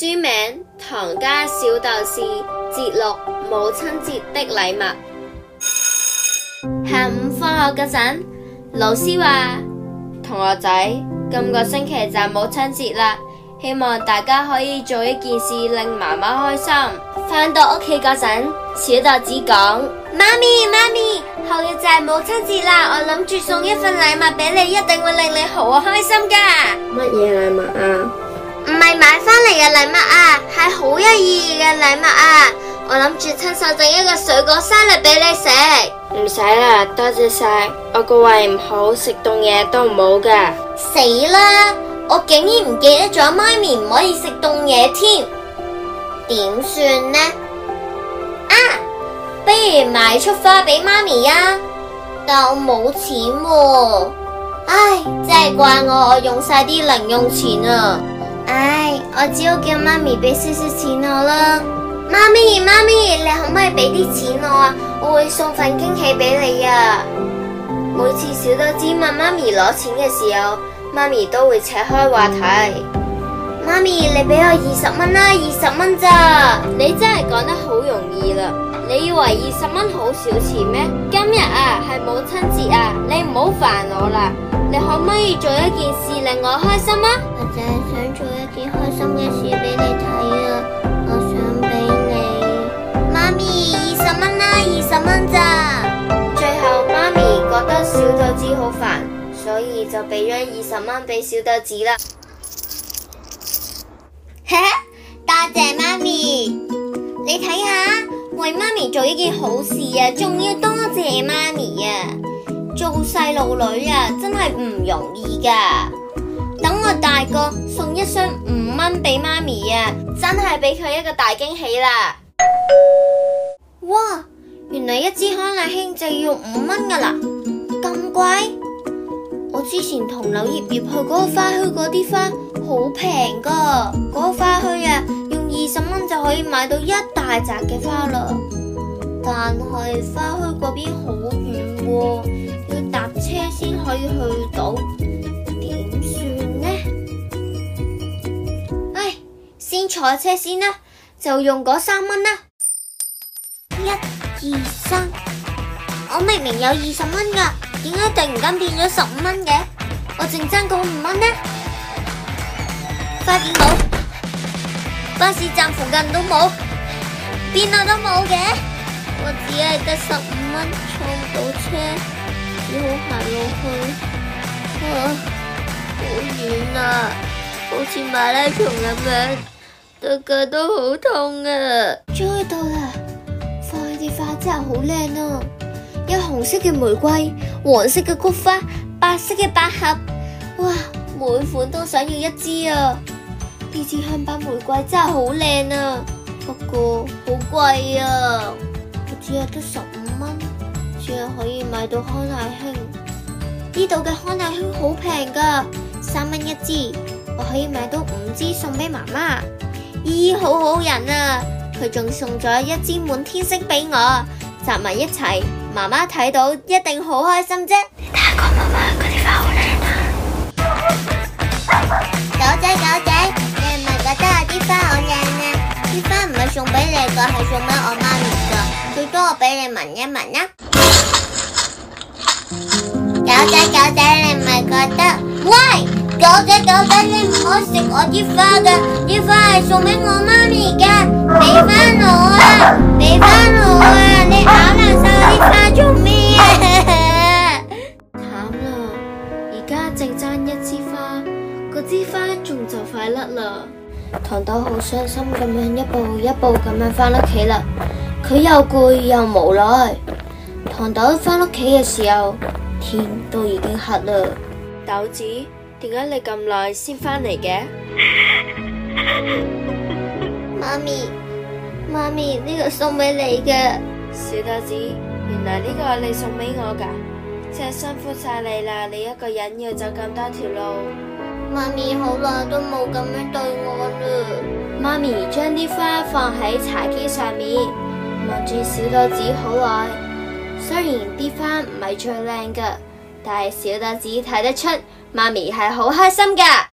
書名《唐家小豆事》節錄《母親節的禮物》。下午放學嗰陣，老師話：同學仔，今個星期就母親節啦，希望大家可以做一件事令媽媽開心。返到屋企嗰陣，小豆子講：媽咪，媽咪，後日就係母親節啦，我諗住送一份禮物俾你，一定會令你好開心噶。乜嘢禮物啊？唔係買花。係啊，禮物啊，係好有意義嘅禮物啊！我諗住親手整一個水果沙律俾你食。唔使啦，多謝晒。我個胃唔好，食凍嘢都唔好㗎。死啦！我竟然唔記得咗媽咪唔可以食凍嘢添，點算呢？啊，不如買束花俾媽咪啊。但我冇錢喎。啊。唉，真係怪我，我用晒啲零用錢啊！唉，我只好叫媽咪俾少少錢我啦。媽咪，媽咪，你可唔可以俾啲錢我啊？我會送份驚喜俾你啊！每次小豆子問媽咪攞錢嘅時候，媽咪都會扯開話題。媽咪，你俾我二十蚊啦，二十蚊咋？你真係講得好容易啦。你以為二十蚊好少錢咩？今日啊，係母親節啊，你唔好煩我啦。你可唔可以做一件事令我開心啊？我淨係想做一件開心嘅事俾你睇啊！我想俾你，媽咪二十蚊啦，二十蚊咋？最後媽咪覺得小豆子好煩，所以就俾咗二十蚊俾小豆子啦。 多謝媽咪，你睇下為媽咪做呢件好事啊，仲要多謝媽咪。細路女啊，真係唔容易噶。等我大個送一箱五蚊俾媽咪啊，真係俾佢一個大驚喜啦！哇，原來一支康乃馨就要五蚊噶啦，咁貴！我之前同柳葉葉去嗰個花墟嗰啲花好平噶，嗰個花墟啊，用二十蚊就可以買到一大扎嘅花啦。但係花墟嗰邊好遠喎。可以去到點算呢？唉，先坐車先啦，就用嗰三蚊啦。一、二、三，我明明有二十蚊噶，點解突然間變咗十五蚊嘅？我剩爭嗰五蚊呢？快啲搵，巴士站附近都冇，邊度都冇嘅，我只係得十五蚊坐唔到車。只好行落去啊！好遠啊，好似馬拉松咁樣，個個都好痛啊！終於到啦，放啲花真係好靚啊！有紅色嘅玫瑰、黃色嘅菊花、白色嘅百合，哇！每款都想要一支啊！呢支香檳玫瑰真係好靚啊，不過好貴啊，我只有得十。可以買到康乃馨，呢度嘅康乃馨好平噶，三蚊一支，我可以買到五支送俾媽媽。咦,咦，好好人啊！佢仲送咗一支滿天星俾我，集埋一齊，媽媽睇到一定好開心啫。你睇下，媽媽嗰啲花好靚啊！狗仔，狗仔，你係咪覺得有啲花好靚呢？啲花唔係送俾你噶，係送俾我媽咪噶。最多我俾你聞一聞啦。仔，你唔係覺得？喂，狗仔，狗仔，你唔好食我啲花噶，啲花係送俾我媽咪噶，俾翻我啊，俾翻我啊，你咬爛晒我啲花做咩啊？慘 啦，而家淨爭一枝花，個枝花仲就快甩啦。糖豆好傷心咁樣一步一步咁樣翻屋企啦，佢又攰又無奈。糖豆翻屋企嘅時候。天都已經黑啦，豆子，點解你咁耐先返嚟嘅？媽 咪，媽咪，呢、這個送俾你嘅。小豆子，原來呢個係你送俾我噶，真、就、係、是、辛苦晒你啦，你一個人要走咁多條路。媽咪好耐都冇咁樣對我啦。媽咪將啲花放喺茶幾上面，望住小豆子好耐。雖然啲花唔係最靚嘅，但係小豆睇得出媽咪係好開心嘅。